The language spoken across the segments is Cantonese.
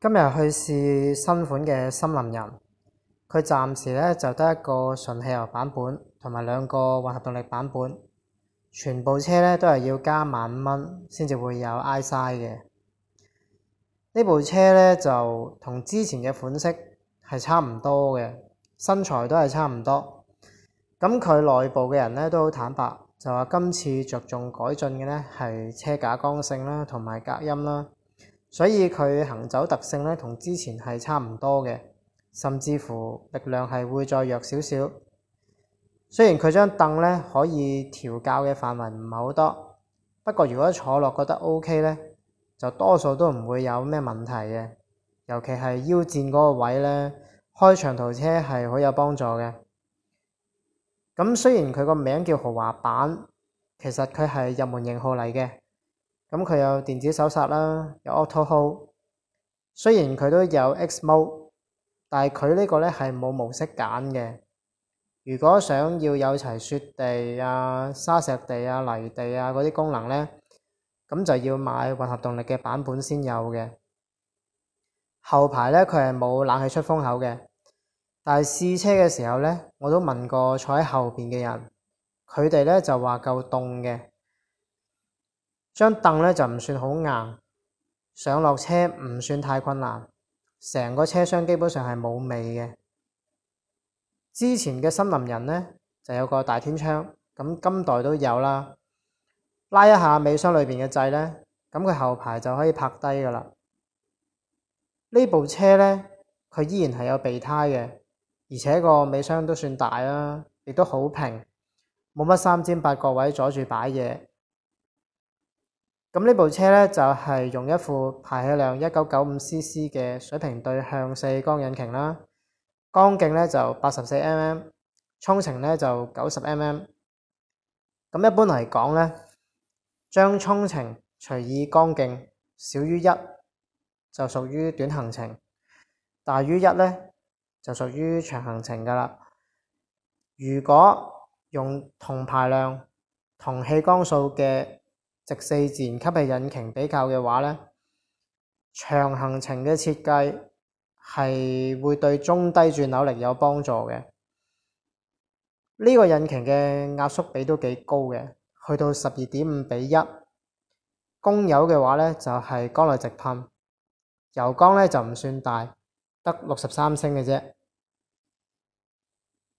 今日去試新款嘅森林人，佢暫時呢就得一個純汽油版本，同埋兩個混合動力版本。全部車呢都係要加萬五蚊先至會有 EyeSight 嘅。呢部車呢就同之前嘅款式係差唔多嘅，身材都係差唔多。咁佢內部嘅人呢都好坦白，就話今次着重改進嘅呢係車架剛性啦，同埋隔音啦。所以佢行走特性呢，同之前係差唔多嘅，甚至乎力量係會再弱少少。雖然佢張凳呢可以調教嘅範圍唔係好多，不過如果坐落覺得 OK 呢，就多數都唔會有咩問題嘅。尤其係腰墊嗰個位呢，開長途車係好有幫助嘅。咁雖然佢個名叫豪華版，其實佢係入門型號嚟嘅。咁佢有電子手剎啦，有 auto hold。雖然佢都有 X mode，但係佢呢個呢係冇模式揀嘅。如果想要有齊雪地啊、沙石地啊、泥地啊嗰啲功能呢，咁就要買混合動力嘅版本先有嘅。後排呢，佢係冇冷氣出風口嘅，但係試車嘅時候呢，我都問過坐喺後邊嘅人，佢哋呢就話夠凍嘅。張凳呢就唔算好硬，上落車唔算太困難。成個車廂基本上係冇味嘅。之前嘅森林人呢就有個大天窗，咁今代都有啦。拉一下尾箱裏面嘅掣呢，咁佢後排就可以拍低噶啦。呢部車呢，佢依然係有備胎嘅，而且個尾箱都算大啊，亦都好平，冇乜三尖八角位阻住擺嘢。咁呢部車呢，就係用一副排氣量一九九五 CC 嘅水平對向四缸引擎啦，缸徑呢，就八十四 mm，衝程呢，就九十 mm。咁一般嚟講呢，將衝程除以缸徑少於一就屬於短行程，大於一呢，就屬於長行程噶啦。如果用同排量、同氣缸數嘅，直四自然吸氣引擎比較嘅話咧，長行程嘅設計係會對中低轉扭力有幫助嘅。呢個引擎嘅壓縮比都幾高嘅，去到十二點五比一。供油嘅話呢，就係缸內直噴，油缸呢就唔算大，得六十三升嘅啫。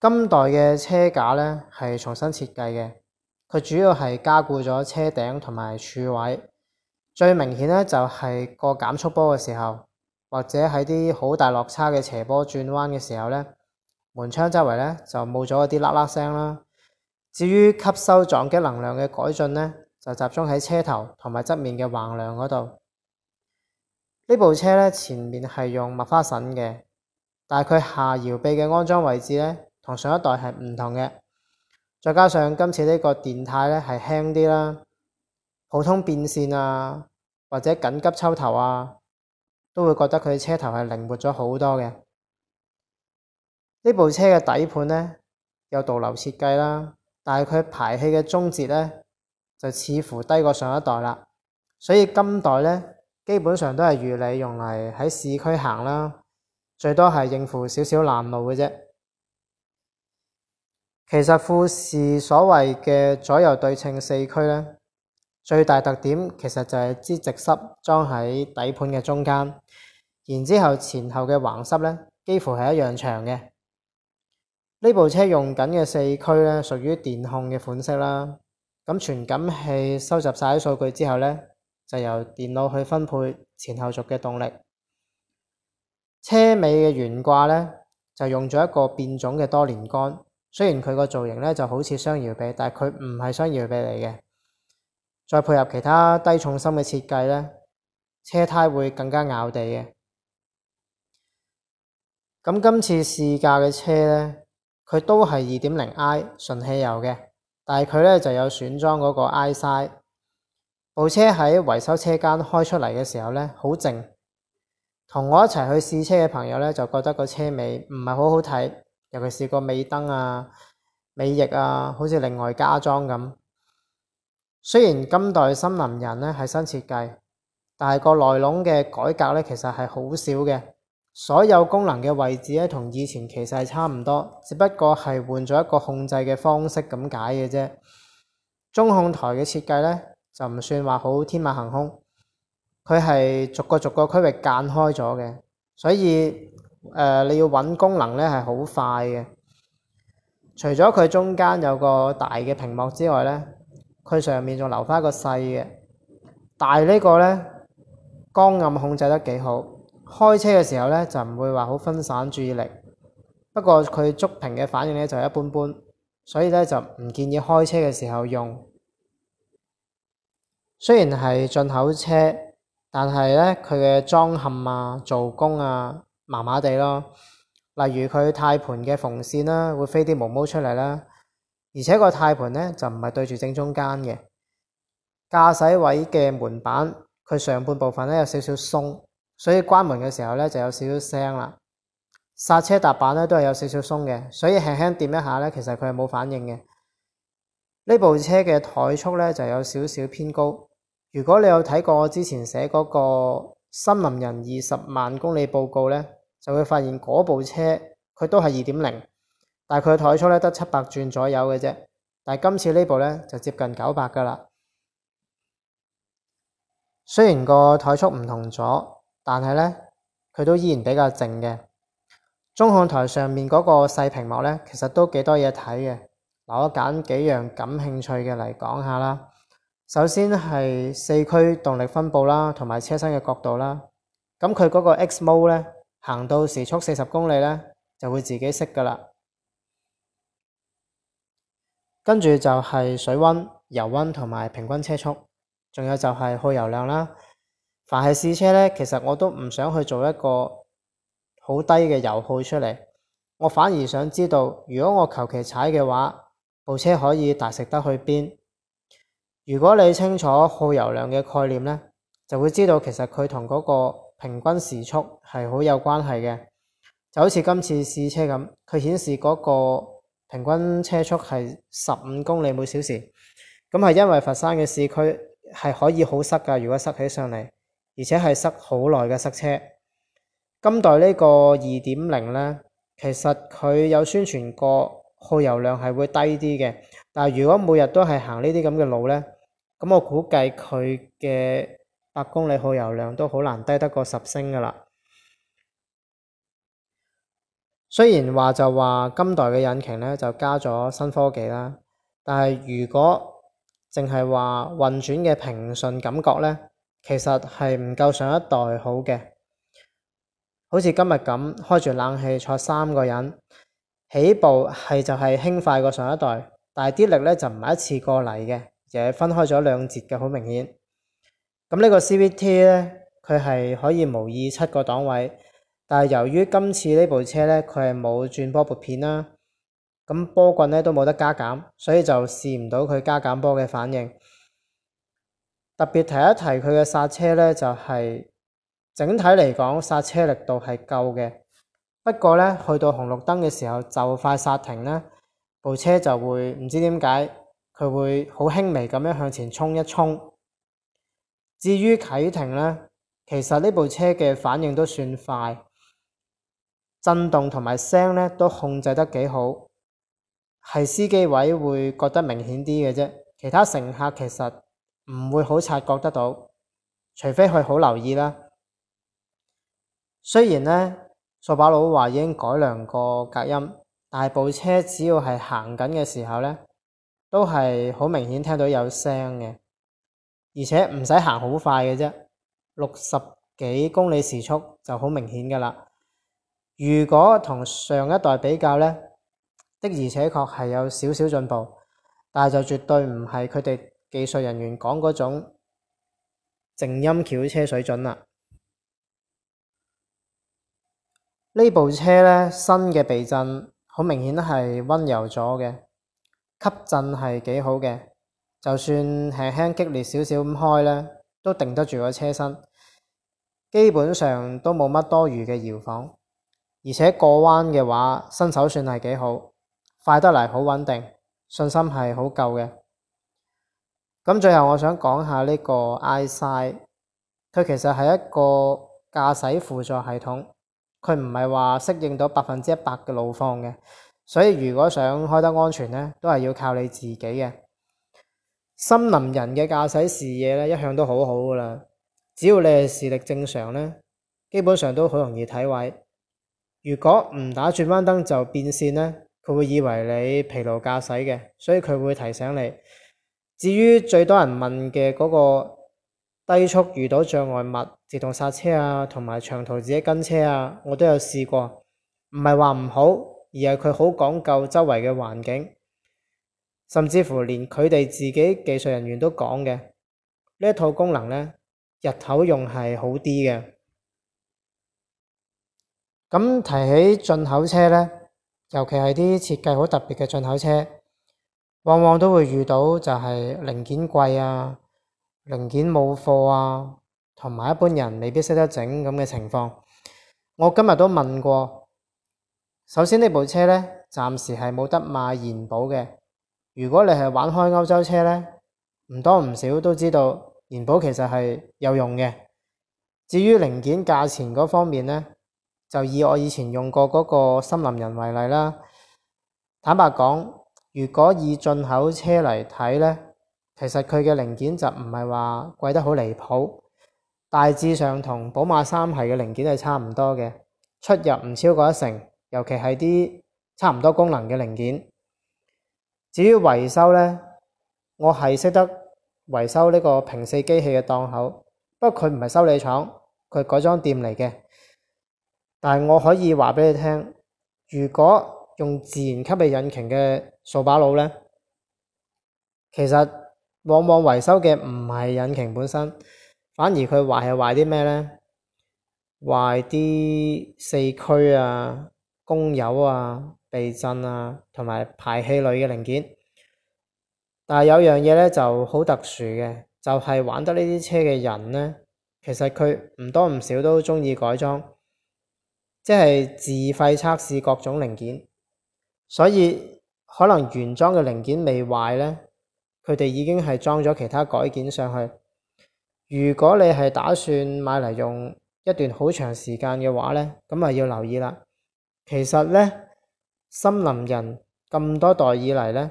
今代嘅車架呢，係重新設計嘅。佢主要係加固咗車頂同埋柱位，最明顯呢，就係過減速坡嘅時候，或者喺啲好大落差嘅斜坡轉彎嘅時候呢，門窗周圍呢就冇咗一啲喇喇聲啦。至於吸收撞擊能量嘅改進呢，就集中喺車頭同埋側面嘅橫梁嗰度。呢部車呢前面係用麥花臣嘅，但係佢下搖臂嘅安裝位置呢，同上一代係唔同嘅。再加上今次呢個電態呢係輕啲啦，普通變線啊，或者緊急抽頭啊，都會覺得佢車頭係靈活咗好多嘅。呢部車嘅底盤呢，有導流設計啦，但係佢排氣嘅終節呢，就似乎低過上一代啦，所以今代呢，基本上都係預嚟用嚟喺市區行啦，最多係應付少少爛路嘅啫。其實富士所謂嘅左右對稱四驅呢，最大特點其實就係支直濕裝喺底盤嘅中間，然之後前後嘅橫濕呢幾乎係一樣長嘅。呢部車用緊嘅四驅呢，屬於電控嘅款式啦。咁傳感器收集晒啲數據之後呢，就由電腦去分配前後軸嘅動力。車尾嘅懸掛呢，就用咗一個變種嘅多連桿。雖然佢個造型呢就好似雙搖臂，但係佢唔係雙搖臂嚟嘅。再配合其他低重心嘅設計呢，車胎會更加咬地嘅。咁今次試駕嘅車呢，佢都係二點零 I 純汽油嘅，但係佢呢就有選裝嗰個 EyeSight。部車喺維修車間開出嚟嘅時候呢，好靜。同我一齊去試車嘅朋友呢，就覺得個車尾唔係好好睇。尤其是個尾燈啊、尾翼啊，好似另外加裝咁。雖然今代森林人呢係新設計，但係個內籠嘅改革呢其實係好少嘅，所有功能嘅位置呢，同以前其實係差唔多，只不過係換咗一個控制嘅方式咁解嘅啫。中控台嘅設計呢，就唔算話好天馬行空，佢係逐個逐個區域間開咗嘅，所以。誒、呃，你要搵功能呢係好快嘅，除咗佢中間有個大嘅屏幕之外呢，佢上面仲留翻一個細嘅，但係呢個呢，光暗控制得幾好，開車嘅時候呢，就唔會話好分散注意力。不過佢觸屏嘅反應呢，就一般般，所以呢，就唔建議開車嘅時候用。雖然係進口車，但係呢，佢嘅裝嵌啊、做工啊。麻麻地咯，例如佢軚盤嘅縫線啦，會飛啲毛毛出嚟啦。而且個軚盤呢，就唔係對住正中間嘅，駕駛位嘅門板佢上半部分呢有少少鬆，所以關門嘅時候呢就有少少聲啦。剎車踏板呢都係有少少鬆嘅，所以輕輕掂一下呢，其實佢係冇反應嘅。呢部車嘅怠速呢就有少少偏高。如果你有睇過我之前寫嗰個森林人二十萬公里報告呢。就會發現嗰部車佢都係二點零，但係佢嘅怠速呢得七百轉左右嘅啫。但係今次呢部呢，就接近九百㗎喇。雖然個怠速唔同咗，但係呢，佢都依然比較靜嘅。中控台上面嗰個細屏幕呢，其實都幾多嘢睇嘅。嗱，我揀幾樣感興趣嘅嚟講下啦。首先係四驅動力分布啦，同埋車身嘅角度啦。咁佢嗰個 X Mode 呢。行到時速四十公里呢，就會自己熄噶啦。跟住就係水温、油温同埋平均車速，仲有就係耗油量啦。凡係試車呢，其實我都唔想去做一個好低嘅油耗出嚟，我反而想知道，如果我求其踩嘅話，部車可以大食得去邊？如果你清楚耗油量嘅概念呢，就會知道其實佢同嗰個。平均時速係好有關係嘅，就好似今次試車咁，佢顯示嗰個平均車速係十五公里每小時，咁係因為佛山嘅市區係可以好塞噶，如果塞起上嚟，而且係塞好耐嘅塞車。今代呢個二點零呢，其實佢有宣傳過耗油量係會低啲嘅，但係如果每日都係行呢啲咁嘅路呢，咁我估計佢嘅百公里耗油量都好難低得過十升㗎喇。雖然話就話今代嘅引擎呢就加咗新科技啦，但係如果淨係話運轉嘅平順感覺呢，其實係唔夠上一代好嘅。好似今日咁開住冷氣坐三個人，起步係就係輕快過上一代，但係啲力呢就唔係一次過嚟嘅，而係分開咗兩節嘅，好明顯。咁呢個 CVT 呢，佢係可以模擬七個檔位，但係由於今次呢部車呢，佢係冇轉波撥片啦，咁波棍呢都冇得加減，所以就試唔到佢加減波嘅反應。特別提一提佢嘅煞車呢就係整體嚟講，煞車力度係夠嘅。不過呢，去到紅綠燈嘅時候就快煞停咧，部車就會唔知點解佢會好輕微咁樣向前衝一衝。至於啟停呢，其實呢部車嘅反應都算快，震動同埋聲呢都控制得幾好，係司機位會覺得明顯啲嘅啫。其他乘客其實唔會好察覺得到，除非佢好留意啦。雖然呢，掃把佬話已經改良過隔音，但係部車只要係行緊嘅時候呢，都係好明顯聽到有聲嘅。而且唔使行好快嘅啫，六十幾公里時速就好明顯㗎喇。如果同上一代比較呢，的而且確係有少少進步，但係就絕對唔係佢哋技術人員講嗰種靜音轎車水準啦。呢部車呢，新嘅避震好明顯係溫柔咗嘅，吸震係幾好嘅。就算輕輕激烈少少咁開呢，都定得住個車身，基本上都冇乜多餘嘅搖晃，而且過彎嘅話，身手算係幾好，快得嚟好穩定，信心係好夠嘅。咁最後我想講下呢個 EyeSight 佢其實係一個駕駛輔助系統，佢唔係話適應到百分之一百嘅路況嘅，所以如果想開得安全呢，都係要靠你自己嘅。森林人嘅駕駛視野咧，一向都好好噶啦。只要你係視力正常咧，基本上都好容易睇位。如果唔打轉彎燈就變線咧，佢會以為你疲勞駕駛嘅，所以佢會提醒你。至於最多人問嘅嗰個低速遇到障礙物自動煞車啊，同埋長途自己跟車啊，我都有試過，唔係話唔好，而係佢好講究周圍嘅環境。甚至乎連佢哋自己技術人員都講嘅，呢一套功能呢，入口用係好啲嘅。咁、嗯、提起進口車呢，尤其係啲設計好特別嘅進口車，往往都會遇到就係零件貴啊、零件冇貨啊，同埋一般人未必識得整咁嘅情況。我今日都問過，首先呢部車呢，暫時係冇得買延保嘅。如果你係玩開歐洲車呢，唔多唔少都知道延保其實係有用嘅。至於零件價錢嗰方面呢，就以我以前用過嗰個森林人為例啦。坦白講，如果以進口車嚟睇呢，其實佢嘅零件就唔係話貴得好離譜，大致上同寶馬三系嘅零件係差唔多嘅，出入唔超過一成，尤其係啲差唔多功能嘅零件。至於維修呢，我係識得維修呢個平四機器嘅檔口，不過佢唔係修理廠，佢改裝店嚟嘅。但係我可以話俾你聽，如果用自然吸氣引擎嘅掃把佬呢，其實往往維修嘅唔係引擎本身，反而佢壞係壞啲咩呢？壞啲四驅啊，供油啊。避震啊，同埋排氣類嘅零件。但係有樣嘢呢，就好特殊嘅，就係玩得呢啲車嘅人呢，其實佢唔多唔少都中意改裝，即係自費測試各種零件。所以可能原裝嘅零件未壞呢，佢哋已經係裝咗其他改件上去。如果你係打算買嚟用一段好長時間嘅話呢，咁啊要留意啦。其實呢。森林人咁多代以嚟呢，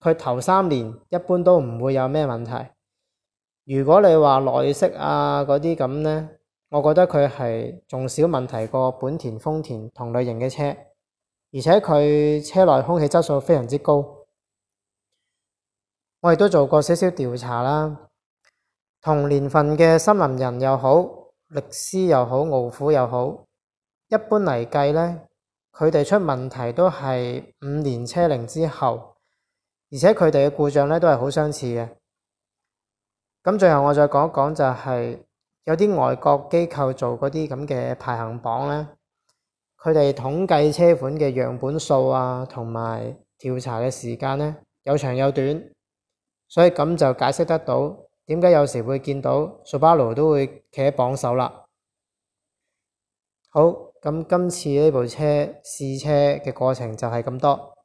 佢頭三年一般都唔會有咩問題。如果你話內飾啊嗰啲咁呢，我覺得佢係仲小問題過本田、豐田同類型嘅車，而且佢車內空氣質素非常之高。我亦都做過少少調查啦，同年份嘅森林人又好，力獅又好，傲虎又好，一般嚟計呢。佢哋出問題都係五年車齡之後，而且佢哋嘅故障咧都係好相似嘅。咁最後我再講一講就係、是、有啲外國機構做嗰啲咁嘅排行榜呢。佢哋統計車款嘅樣本數啊，同埋調查嘅時間呢，有長有短，所以咁就解釋得到點解有時會見到 Subaru 都會企喺榜首啦。好。咁今次呢部車試車嘅過程就係咁多。